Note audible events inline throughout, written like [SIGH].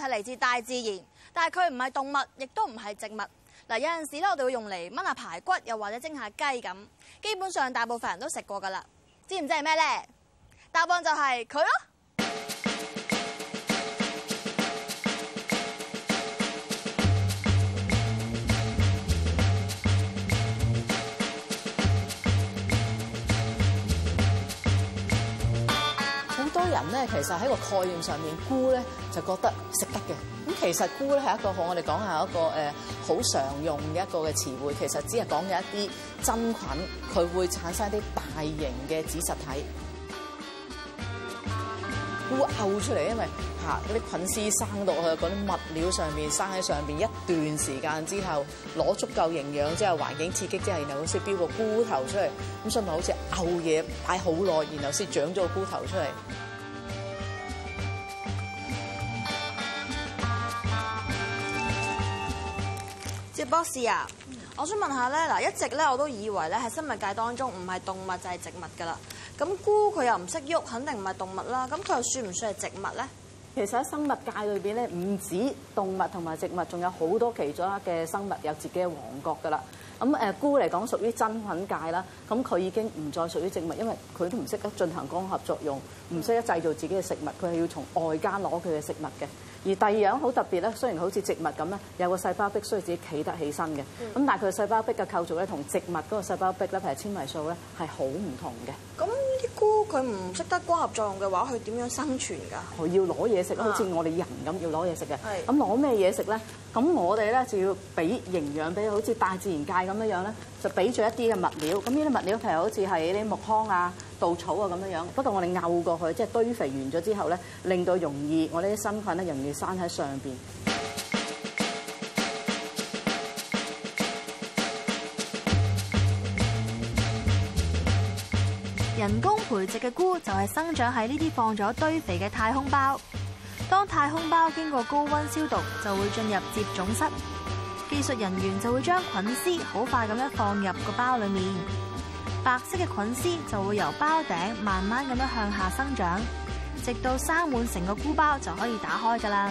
係嚟自大自然，但係佢唔係動物，亦都唔係植物。嗱，有陣時咧，我哋會用嚟炆下排骨，又或者蒸下雞咁。基本上，大部分人都食過噶啦。知唔知係咩咧？答案就係佢咯。其實喺個概念上面，菇咧就覺得食得嘅。咁其實菇咧係一個好，我哋講下一個誒好、呃、常用嘅一個嘅詞彙。其實只係講緊一啲真菌，佢會產生一啲大型嘅子實體，菇漚出嚟。因為嚇嗰啲菌絲生到去嗰啲物料上面，生喺上面一段時間之後，攞足夠營養之後，環境刺激之後，然後會先飆個菇頭出嚟。咁所以咪好似漚嘢擺好耐，然後先長咗個菇頭出嚟。博士啊，我想問下咧，嗱一直咧我都以為咧喺生物界當中唔係動物就係植物㗎啦。咁菇佢又唔識喐，肯定唔係動物啦。咁佢又算唔算係植物咧？其實喺生物界裏邊咧，唔止動物同埋植物，仲有好多其他嘅生物有自己嘅王國㗎啦。咁誒菇嚟講屬於真菌界啦。咁佢已經唔再屬於植物，因為佢都唔識得進行光合作用，唔識得製造自己嘅食物，佢係要從外間攞佢嘅食物嘅。而第二樣好特別咧，雖然好似植物咁咧，有個細胞壁需要自己企得起身嘅，咁、嗯、但係佢細胞壁嘅構造咧，同植物嗰個細胞壁咧，譬如纖維素咧，係好唔同嘅。咁啲菇佢唔識得光合作用嘅話，佢點樣生存㗎？佢要攞嘢食啦，好似我哋人咁要攞嘢食嘅。係。咁攞咩嘢食咧？咁我哋咧就要俾營養，俾好似大自然界咁樣樣咧，就俾咗一啲嘅物，物料。咁呢啲物料譬如好似係啲木糠啊、稻草啊咁樣樣。不過我哋拗過去，即係堆肥完咗之後咧，令到容易我呢啲身份咧容易生喺上邊。人工培植嘅菇就係生長喺呢啲放咗堆肥嘅太空包。當太空包經過高温消毒，就會進入接種室，技術人員就會將菌絲好快咁樣放入個包裏面，白色嘅菌絲就會由包頂慢慢咁樣向下生長，直到生滿成個菇包就可以打開㗎喇。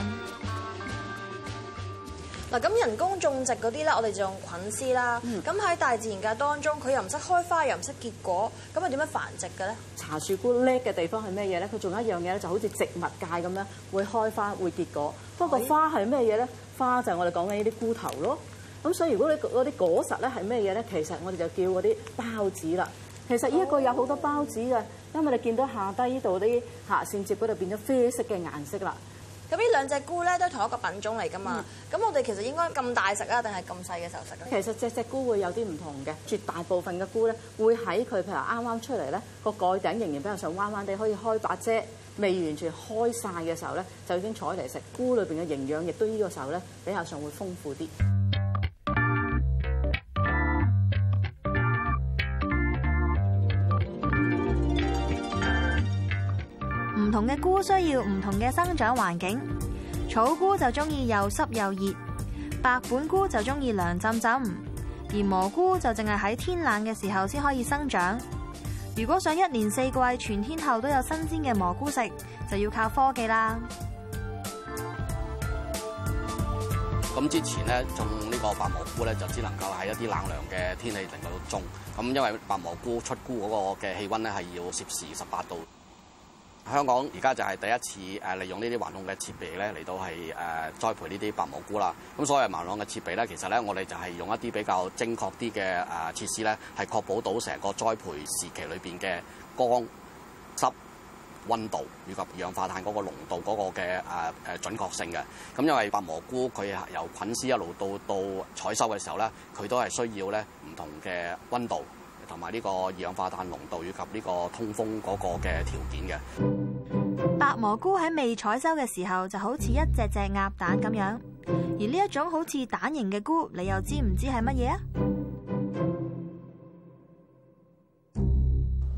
嗱咁人工種植嗰啲咧，我哋就用菌絲啦。咁喺大自然界當中，佢又唔識開花，又唔識結果，咁啊點樣繁殖嘅咧？茶樹菇叻嘅地方係咩嘢咧？佢仲有一樣嘢咧，就好似植物界咁樣，會開花、會結果。不過花係咩嘢咧？花就係我哋講緊呢啲菇頭咯。咁所以如果你嗰啲果實咧係咩嘢咧？其實我哋就叫嗰啲孢子啦。其實呢一個有好多孢子嘅，因為你見到下低呢度啲下線接嗰度變咗啡色嘅顏色啦。咁呢兩隻菇咧都同一個品種嚟噶嘛？咁、嗯、我哋其實應該咁大食啊，定係咁細嘅時候食？其實隻隻菇會有啲唔同嘅，絕大部分嘅菇咧會喺佢譬如啱啱出嚟咧，個蓋頂仍然比較上彎彎地可以開把遮，未完全開晒嘅時候咧，就已經坐嚟食。菇裏面嘅營養亦都呢個時候咧比較上會豐富啲。嘅菇需要唔同嘅生長環境，草菇就中意，又濕又熱，白本菇就中意涼浸浸，而蘑菇就淨係喺天冷嘅時候先可以生長。如果想一年四季全天候都有新鮮嘅蘑菇食，就要靠科技啦。咁之前咧種呢個白蘑菇咧就只能夠喺一啲冷涼嘅天氣情況度種，咁因為白蘑菇出菇嗰個嘅氣溫咧係要攝氏十八度。香港而家就係第一次誒利用呢啲環控嘅設備咧，嚟到係誒栽培呢啲白蘑菇啦。咁所謂盲朗嘅設備咧，其實咧我哋就係用一啲比較精確啲嘅誒設施咧，係確保到成個栽培時期裏邊嘅光濕溫度、濕、溫度以及二氧化碳嗰個濃度嗰個嘅誒誒準確性嘅。咁因為白蘑菇佢係由菌絲一路到到採收嘅時候咧，佢都係需要咧唔同嘅溫度。同埋呢個二氧化碳濃度以及呢個通風嗰個嘅條件嘅。白蘑菇喺未採收嘅時候就好似一隻隻鴨蛋咁樣，而呢一種好似蛋形嘅菇，你又知唔知係乜嘢啊？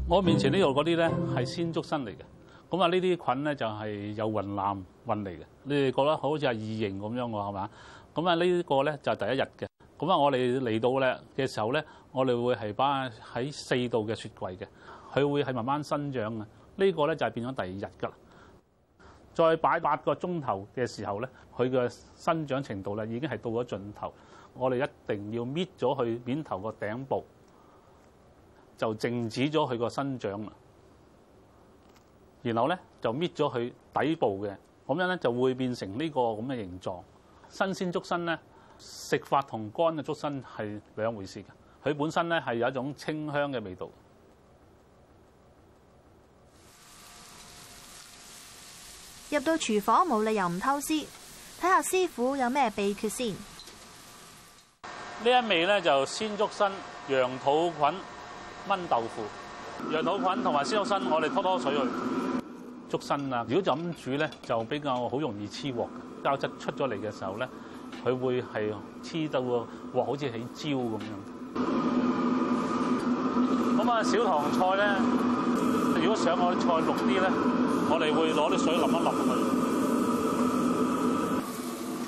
我面前呢度嗰啲咧係鮮竹笙嚟嘅，咁啊呢啲菌咧就係由雲南運嚟嘅。你哋覺得好似係異形咁樣嘅係嘛？咁啊呢個咧就係第一日嘅。咁啊，我哋嚟到咧嘅時候咧，我哋會係擺喺四度嘅雪櫃嘅，佢會係慢慢生長啊。這個、呢個咧就係、是、變咗第二日㗎啦。再擺八個鐘頭嘅時候咧，佢嘅生長程度咧已經係到咗盡頭，我哋一定要搣咗佢面頭個頂部，就靜止咗佢個生長啦。然後咧就搣咗佢底部嘅，咁樣咧就會變成呢個咁嘅形狀。新鮮竹笙咧。食法同乾嘅竹笙係兩回事㗎。佢本身咧係有一種清香嘅味道。入到廚房冇理由唔偷師，睇下師傅有咩秘訣先。呢一味咧就鮮竹笙、羊肚菌炆豆腐。羊肚菌同埋鮮竹笙，我哋拖拖水去竹笙。啊。如果就咁煮咧，就比較好容易黐鑊。膠質出咗嚟嘅時候咧。佢會係黐到喎，哇！好似起焦咁樣。咁啊，小棠菜咧，如果想我啲菜綠啲咧，我哋會攞啲水淋一淋佢。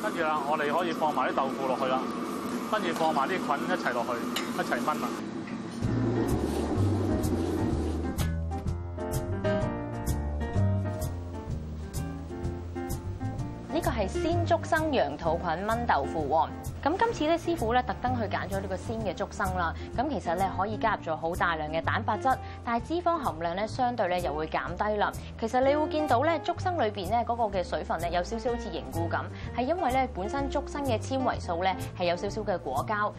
跟住啊，我哋可以放埋啲豆腐落去啦。跟住放埋啲菌一齊落去，一齊炆啊！鮮竹笙羊肚菌炆豆腐喎，咁今次咧，師傅咧特登去揀咗呢個鮮嘅竹笙啦，咁其實咧可以加入咗好大量嘅蛋白質，但係脂肪含量咧相對咧又會減低啦。其實你會見到咧，竹笙裏邊咧嗰個嘅水分咧有少少好似凝固咁，係因為咧本身竹笙嘅纖維素咧係有少少嘅果膠。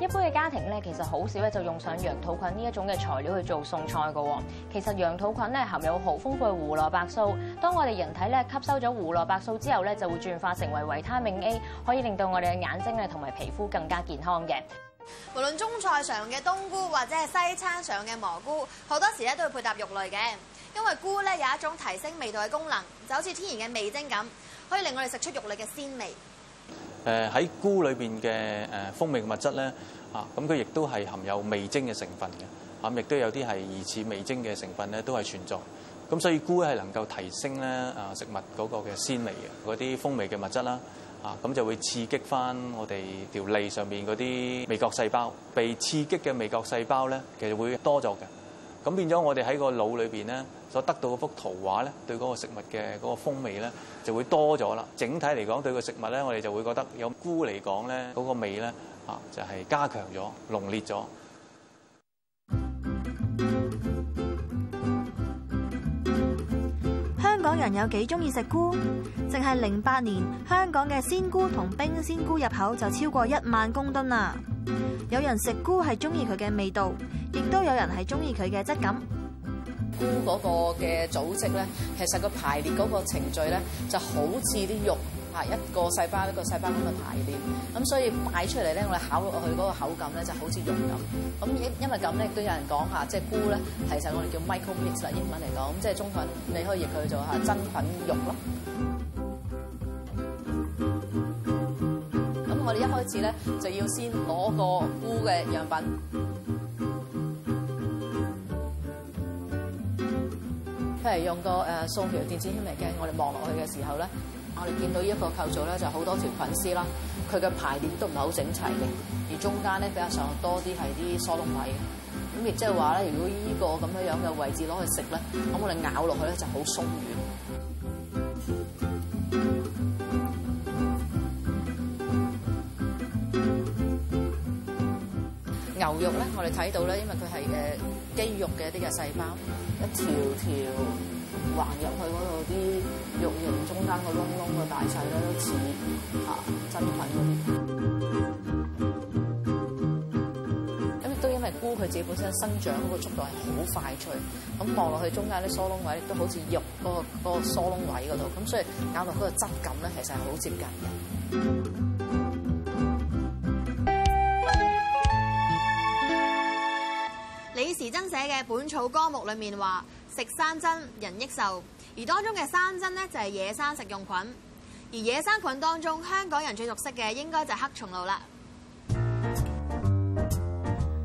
一般嘅家庭咧，其實好少咧就用上羊肚菌呢一種嘅材料去做餸菜嘅。其實羊肚菌咧含有好豐富嘅胡蘿蔔素，當我哋人體咧吸收咗胡蘿蔔素之後咧，就會轉化成為維他命 A，可以令到我哋嘅眼睛咧同埋皮膚更加健康嘅。無論中菜上嘅冬菇或者係西餐上嘅蘑菇，好多時咧都會配搭肉類嘅，因為菇咧有一種提升味道嘅功能，就好似天然嘅味精咁，可以令我哋食出肉類嘅鮮味。誒喺菇裏邊嘅誒風味嘅物質咧，啊咁佢亦都係含有味精嘅成分嘅，啊亦都有啲係疑似味精嘅成分咧都係存在。咁所以菇係能夠提升咧啊食物嗰個嘅鮮味嘅嗰啲風味嘅物質啦，啊咁就會刺激翻我哋條脷上面嗰啲味覺細胞，被刺激嘅味覺細胞咧其實會多咗嘅。咁變咗，我哋喺個腦裏邊咧，所得到嗰幅圖畫咧，對嗰個食物嘅嗰個風味咧，就會多咗啦。整體嚟講，對個食物咧，我哋就會覺得有菇嚟講咧，嗰個味咧，啊，就係加強咗、濃烈咗。有人有幾中意食菇？淨係零八年，香港嘅鮮菇同冰鮮菇入口就超過一萬公噸啦。有人食菇係中意佢嘅味道，亦都有人係中意佢嘅質感。菇嗰個嘅組織咧，其實個排列嗰個程序咧，就好似啲肉。係一個細胞一個細胞咁樣排列，咁所以擺出嚟咧，我哋咬落去嗰個口感咧就好似肉咁。咁因因為咁咧，亦都有人講下，即係菇咧，其實我哋叫 myco meat，英文嚟講，即係中文，你可以譯佢做嚇真菌肉咯。咁我哋一開始咧就要先攞個菇嘅樣品。譬如用個誒掃描電子顯微鏡，我哋望落去嘅時候咧，我哋見到依一個構造咧，就好多條菌絲啦。佢嘅排列都唔係好整齊嘅，而中間咧比較上多啲係啲疏窿位。咁亦即係話咧，如果依個咁樣樣嘅位置攞去食咧，咁我哋咬落去咧就好鬆軟。 [MUSIC] 牛肉咧，我哋睇到咧，因為佢係誒。肌肉嘅一啲嘅細胞，一條條橫入去嗰度啲肉型，中間個窿窿個大細咧都似嚇、啊、真菌啲。咁亦 [MUSIC] 都因為菇佢自己本身生長個速度係好快脆，咁望落去中間啲疏窿位都好似肉嗰、嗰個嗰疏窿位嗰度，咁所以咬落嗰個質感咧其實係好接近嘅。寫嘅《本草綱目》裏面話食山珍人益壽，而當中嘅山珍呢，就係野生食用菌，而野生菌當中，香港人最熟悉嘅應該就係黑松露啦。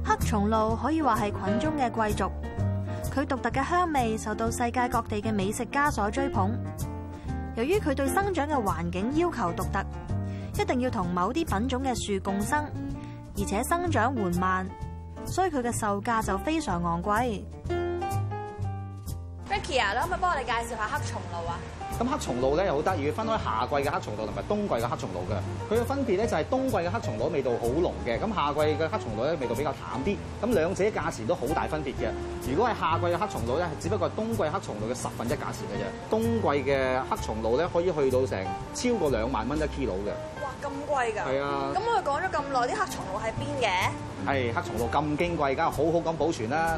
黑松露可以話係菌中嘅貴族，佢獨特嘅香味受到世界各地嘅美食家所追捧。由於佢對生長嘅環境要求獨特，一定要同某啲品種嘅樹共生，而且生長緩慢。所以佢嘅售價就非常昂貴。Ricky 啊，可唔可以幫我哋介紹下黑松露啊？咁黑松露咧又好得意，分開夏季嘅黑松露同埋冬季嘅黑松露嘅。佢嘅分別咧就係冬季嘅黑松露味道好濃嘅，咁夏季嘅黑松露咧味道比較淡啲。咁兩者價錢都好大分別嘅。如果係夏季嘅黑松露咧，只不過係冬季的黑松露嘅十分一價錢嘅啫。冬季嘅黑松露咧可以去到成超過兩萬蚊一 kilo 嘅。咁貴噶，係啊，咁我哋講咗咁耐，啲黑松露喺邊嘅？係黑松露咁矜貴，梗係好好咁保存啦。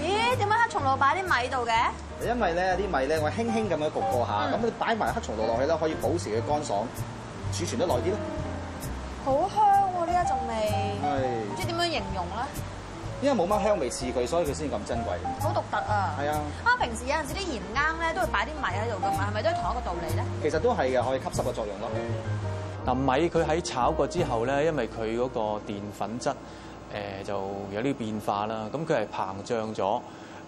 咦？點解黑松露擺喺啲米度嘅？因為咧啲米咧，我輕輕咁樣焗過下，咁你擺埋黑松露落去咧，可以保持佢乾爽，儲存得耐啲咯。好香呢一種味，即係唔知點樣形容咧。因為冇乜香味刺佢，所以佢先咁珍貴。好獨特啊！係啊！啊，平時有陣時啲鹽罌咧，都會擺啲米喺度㗎嘛，係咪都同一個道理咧？其實都係嘅，可以吸濕嘅作用咯。嗱，米佢喺炒過之後咧，因為佢嗰個澱粉質誒就有啲變化啦。咁佢係膨脹咗，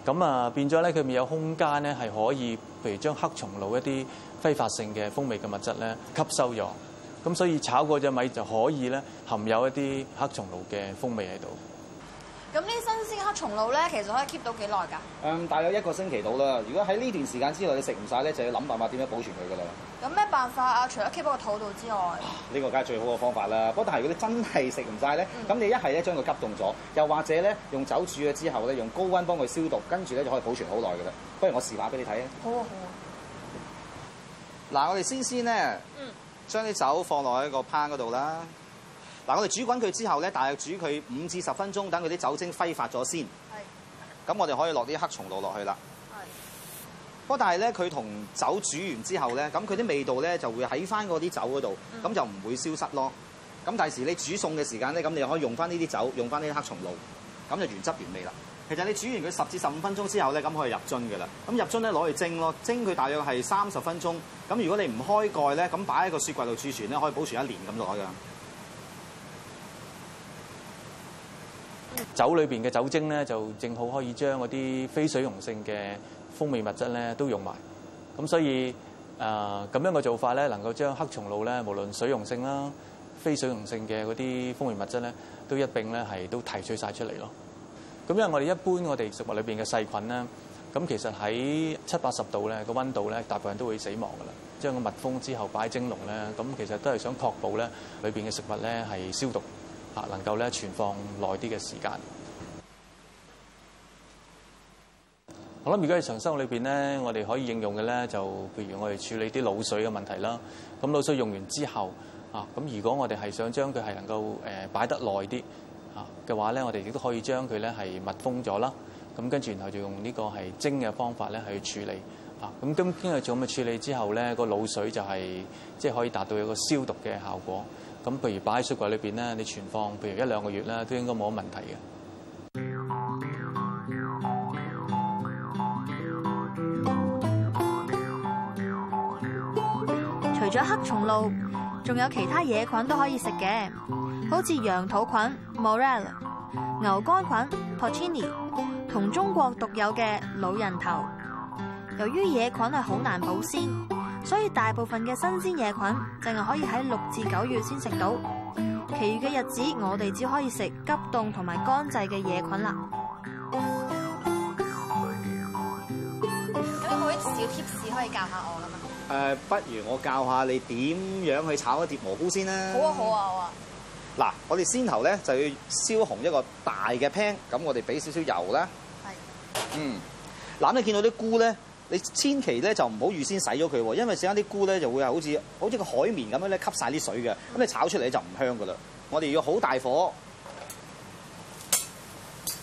咁啊變咗咧，佢咪有空間咧係可以，譬如將黑松露一啲揮發性嘅風味嘅物質咧吸收咗。咁所以炒過隻米就可以咧，含有一啲黑松露嘅風味喺度。咁呢新鮮黑松露咧，其實可以 keep 到幾耐㗎？嗯，大約一個星期到啦。如果喺呢段時間之內你食唔晒咧，就要諗辦法點樣保存佢㗎啦。有咩辦法啊？除咗 keep 喺個肚度之外，呢、啊呢個梗係最好嘅方法啦。不過，但係如果你真係食唔晒咧，咁、嗯、你一係咧將佢急凍咗，又或者咧用酒煮咗之後咧，用高溫幫佢消毒，跟住咧就可以保存好耐㗎啦。不如我示範俾你睇啊。好啊，好啊。嗱、啊，我哋先先咧，嗯、將啲酒放落喺個 pan 嗰度啦。嗱，我哋煮滾佢之後咧，大約煮佢五至十分鐘，等佢啲酒精揮發咗先。係。咁我哋可以落啲黑松露落去啦。係。是的 不過，但係咧，佢同酒煮完之後咧，咁佢啲味道咧就會喺翻嗰啲酒嗰度，咁、嗯、就唔會消失咯。咁第時你煮餸嘅時間咧，咁你又可以用翻呢啲酒，用翻呢啲黑松露，咁就原汁原味啦。其實你煮完佢十至十五分鐘之後咧，咁可以入樽嘅啦。咁入樽咧攞去蒸咯，蒸佢大約係三十分鐘。咁如果你唔開蓋咧，咁擺喺個雪櫃度儲存咧，可以保存一年咁耐㗎。酒裏邊嘅酒精咧，就正好可以將嗰啲非水溶性嘅風味物質咧都溶埋。咁所以，誒咁樣嘅做法咧，能夠將黑松露咧，無論水溶性啦、非水溶性嘅嗰啲風味物質咧，都一並咧係都提取晒出嚟咯。咁因為我哋一般我哋食物裏邊嘅細菌咧，咁其實喺七八十度咧個溫度咧，大部分都會死亡㗎喇。將個密封之後擺蒸籠咧，咁其實都係想確保咧裏邊嘅食物咧係消毒。啊，能夠咧存放耐啲嘅時間。我諗而家日常生活裏邊咧，我哋可以應用嘅咧，就譬如我哋處理啲鹵水嘅問題啦。咁鹵水用完之後，啊，咁如果我哋係想將佢係能夠誒擺得耐啲啊嘅話咧，我哋亦都可以將佢咧係密封咗啦。咁跟住然後就用呢個係蒸嘅方法咧去處理。啊，咁經過咁嘅處理之後咧，個鹵水就係即係可以達到一個消毒嘅效果。咁譬如擺喺雪櫃裏邊咧，你存放譬如一兩個月咧，都應該冇乜問題嘅。除咗黑松露，仲有其他野菌都可以食嘅，好似羊肚菌 m u r o o 牛肝菌 （Porcini） 同中國獨有嘅老人頭。由於野菌係好難保鮮，所以大部分嘅新鮮野菌淨係可以喺六至九月先食到，其餘嘅日子我哋只可以食急凍同埋乾製嘅野菌啦。有冇啲小貼士可以教下我噶嘛？誒，不如我教下你點樣去炒一碟蘑菇先啦。好啊，好啊，好啊。嗱，我哋先頭咧就要燒紅一個大嘅 pan，咁我哋俾少少油啦。係。嗯。嗱，你見到啲菇咧？你千祈咧就唔好預先洗咗佢喎，因為洗緊啲菇咧就會好似好似個海綿咁樣咧吸晒啲水嘅，咁你炒出嚟就唔香噶啦。我哋要好大火，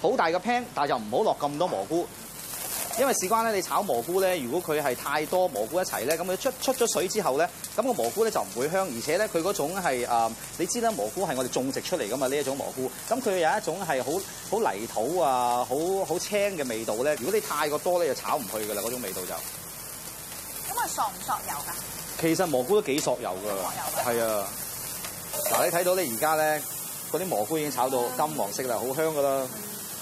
好大個 pan，但係就唔好落咁多蘑菇。因為事關咧，你炒蘑菇咧，如果佢係太多蘑菇一齊咧，咁佢出出咗水之後咧，咁個蘑菇咧就唔會香，而且咧佢嗰種係誒，你知啦，蘑菇係我哋種植出嚟噶嘛，呢一種蘑菇，咁佢有一種係好好泥土啊，好好青嘅味道咧。如果你太過多咧，就炒唔去噶啦，嗰種味道就咁。咁係索唔索油噶？其實蘑菇都幾索油噶，係、嗯、啊。嗱，你睇到咧，而家咧嗰啲蘑菇已經炒到金黃色啦，好香噶啦。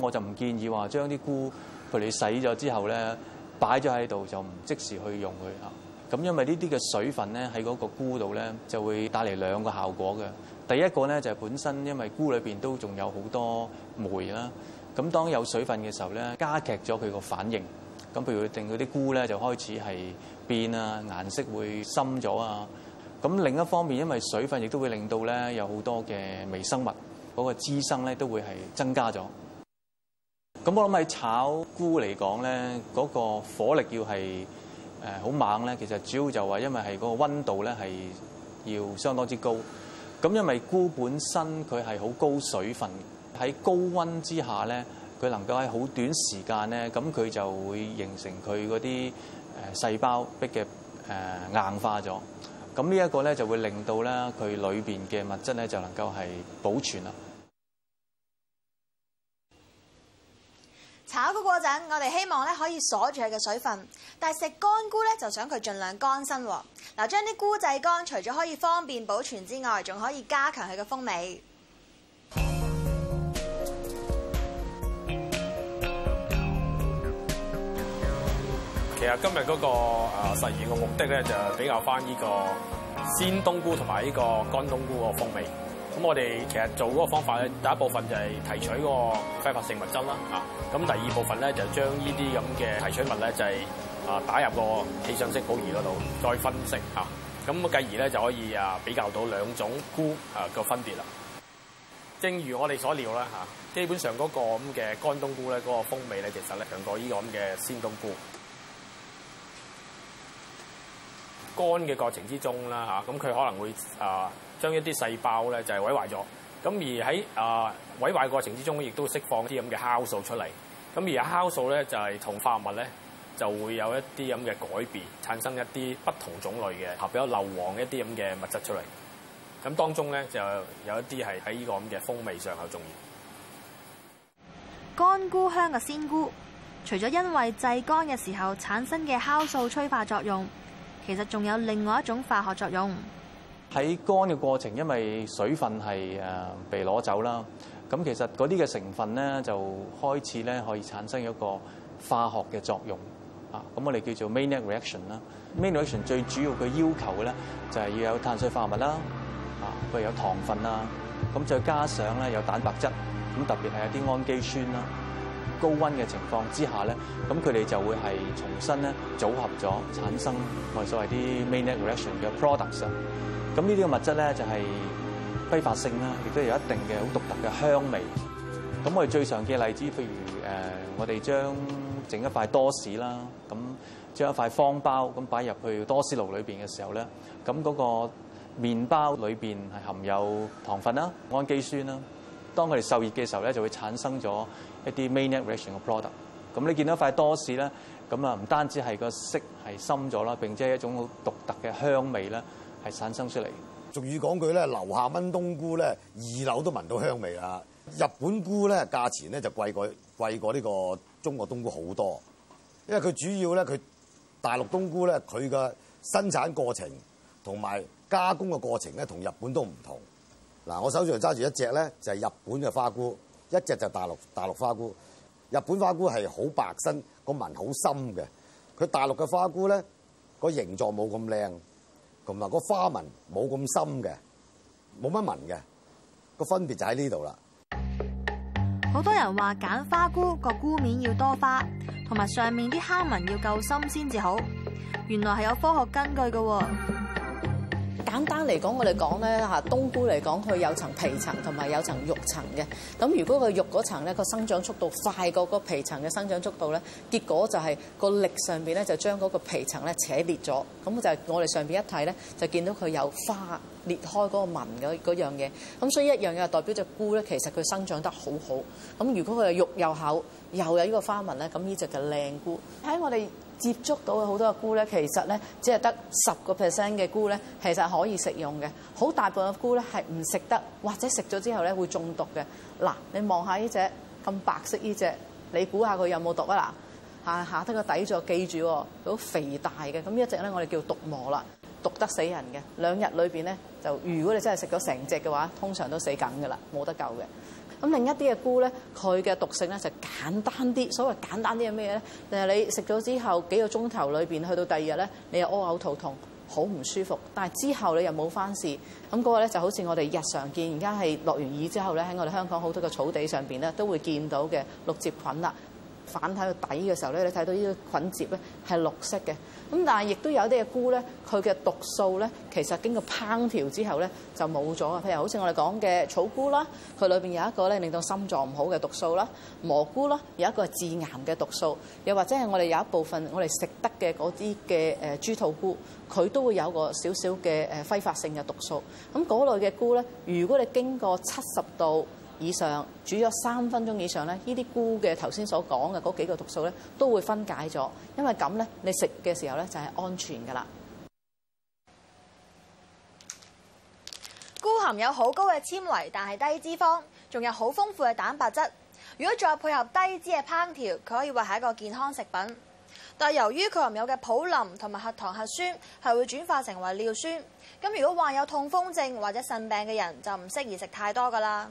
我就唔建議話將啲菇佢哋洗咗之後咧擺咗喺度，就唔即時去用佢嚇。咁因為呢啲嘅水分咧喺嗰個菇度咧就會帶嚟兩個效果嘅。第一個咧就係、是、本身因為菇裏面都仲有好多酶啦，咁當有水分嘅時候咧加劇咗佢個反應，咁譬如會令到啲菇咧就開始係變啊顏色會深咗啊。咁另一方面，因為水分亦都會令到咧有好多嘅微生物嗰、那個滋生咧都會係增加咗。咁我諗喺炒菇嚟講咧，嗰個火力要係誒好猛咧。其實主要就話因為係嗰個温度咧係要相當之高。咁因為菇本身佢係好高水分，喺高温之下咧，佢能夠喺好短時間咧，咁佢就會形成佢嗰啲誒細胞壁嘅誒硬化咗。咁呢一個咧就會令到咧佢裏邊嘅物質咧就能夠係保存啦。炒嗰個陣，我哋希望咧可以鎖住佢嘅水分，但係食乾菇咧就想佢儘量乾身喎。嗱，將啲菇製乾，除咗可以方便保存之外，仲可以加強佢嘅風味。其實今日嗰個誒實驗嘅目的咧，就係比較翻呢個鮮冬菇同埋呢個乾冬菇嘅風味。咁我哋其實做嗰個方法咧，第一部分就係提取個揮發性物質啦，咁第二部分咧就將呢啲咁嘅提取物咧就係、是、啊打入個氣相色譜儀嗰度再分析，咁繼而咧就可以啊比較到兩種菇啊個分別啦。正如我哋所料啦，基本上嗰個咁嘅乾冬菇咧嗰個風味咧，其實咧強過呢個咁嘅鮮冬菇。乾嘅過程之中啦，咁佢可能會啊～、呃將一啲細胞咧就係毀壞咗，咁而喺啊毀壞過程之中，亦都釋放啲咁嘅酵素出嚟。咁而酵素咧就係、是、同化合物咧就會有一啲咁嘅改變，產生一啲不同種類嘅，合比較硫磺一啲咁嘅物質出嚟。咁當中咧就有一啲係喺呢個咁嘅風味上好重要。乾菇香嘅鮮菇，除咗因為製乾嘅時候產生嘅酵素催化作用，其實仲有另外一種化學作用。喺乾嘅過程，因為水分係誒被攞走啦，咁其實嗰啲嘅成分咧就開始咧可以產生一個化學嘅作用，啊，咁我哋叫做 Maillard reaction 啦。Maillard reaction 最主要嘅要求咧就係要有碳水化合物啦，啊，佢有糖分啦，咁再加上咧有蛋白質，咁特別係有啲氨基酸啦。高溫嘅情況之下咧，咁佢哋就會係重新咧組合咗，產生我哋所謂啲 Maillard reaction 嘅 products。咁呢啲嘅物質咧，就係揮發性啦，亦都有一定嘅好獨特嘅香味。咁我哋最常嘅例子，譬如誒，我哋將整一塊多士啦，咁將一塊方包咁擺入去多士爐裏邊嘅時候咧，咁嗰個麵包裏邊係含有糖分啦、氨基酸啦。當佢哋受熱嘅時候咧，就會產生咗一啲 Maillard reaction 嘅 product。咁你見到一塊多士咧，咁啊唔單止係個色係深咗啦，並且係一種好獨特嘅香味啦。係產生，生出嚟。俗語講句咧，樓下炆冬菇咧，二樓都聞到香味啦。日本菇咧，價錢咧就貴過貴過呢個中國冬菇好多。因為佢主要咧，佢大陸冬菇咧，佢嘅生產過程同埋加工嘅過程咧，同日本都唔同。嗱，我手上揸住一隻咧，就係、是、日本嘅花菇，一隻就大陸大陸花菇。日本花菇係好白身，個紋好深嘅。佢大陸嘅花菇咧，個形狀冇咁靚。同埋個花紋冇咁深嘅，冇乜紋嘅，個分別就喺呢度啦。好多人話揀花菇個菇面要多花，同埋上面啲坑紋要夠深先至好，原來係有科學根據嘅喎。簡單嚟講，我哋講咧嚇冬菇嚟講，佢有層皮層同埋有層肉層嘅。咁如果個肉嗰層咧，個生，生長速度快過個皮層嘅生長速度咧，結果就係個力上邊咧就將嗰個皮層咧扯裂咗。咁就係我哋上邊一睇咧，就見到佢有花裂開嗰個紋嘅嗰樣嘢。咁所以一樣嘢代表隻菇咧，其實佢生長得好好。咁如果佢係肉又厚，又有呢個花紋咧，咁呢隻就靚菇。喺我哋，接觸到好多嘅菇咧，其實咧只係得十個 percent 嘅菇咧，其實可以食用嘅。好大部分嘅菇咧係唔食得，或者食咗之後咧會中毒嘅。嗱，你望下呢隻咁白色呢隻，你估下佢有冇毒啊？嗱，下下得個底座，記住哦，佢好肥大嘅。咁呢隻咧，我哋叫毒蘑啦，毒得死人嘅。兩日裏邊咧，就如果你真係食咗成隻嘅話，通常都死梗噶啦，冇得救嘅。咁另一啲嘅菇咧，佢嘅毒性咧就簡單啲。所謂簡單啲係咩咧？誒、就係，你食咗之後幾個鐘頭裏面，去到第二日咧，你又屙嘔肚痛，好唔舒服。但係之後你又冇翻事。咁嗰個咧就好似我哋日常見，而家係落完雨之後咧，喺我哋香港好多嘅草地上面咧都會見到嘅綠褶菌啦。反睇個底嘅時候咧，你睇到呢個菌褶咧係綠色嘅。咁但係亦都有啲嘅菇咧，佢嘅毒素咧，其實經過烹調之後咧就冇咗啊！譬如好似我哋講嘅草菇啦，佢裏邊有一個咧令到心臟唔好嘅毒素啦，蘑菇啦有一個致癌嘅毒素，又或者係我哋有一部分我哋食得嘅嗰啲嘅誒豬肚菇，佢都會有個少少嘅誒揮發性嘅毒素。咁嗰類嘅菇咧，如果你經過七十度以上煮咗三分鐘以上呢，呢啲菇嘅頭先所講嘅嗰幾個毒素呢，都會分解咗。因為咁呢，你食嘅時候呢就係安全㗎啦。菇含有好高嘅纖維，但係低脂肪，仲有好豐富嘅蛋白質。如果再配合低脂嘅烹調，佢可以話係一個健康食品。但係由於佢含有嘅普林同埋核糖核酸係會轉化成為尿酸，咁如果患有痛風症或者腎病嘅人就唔適宜食太多㗎啦。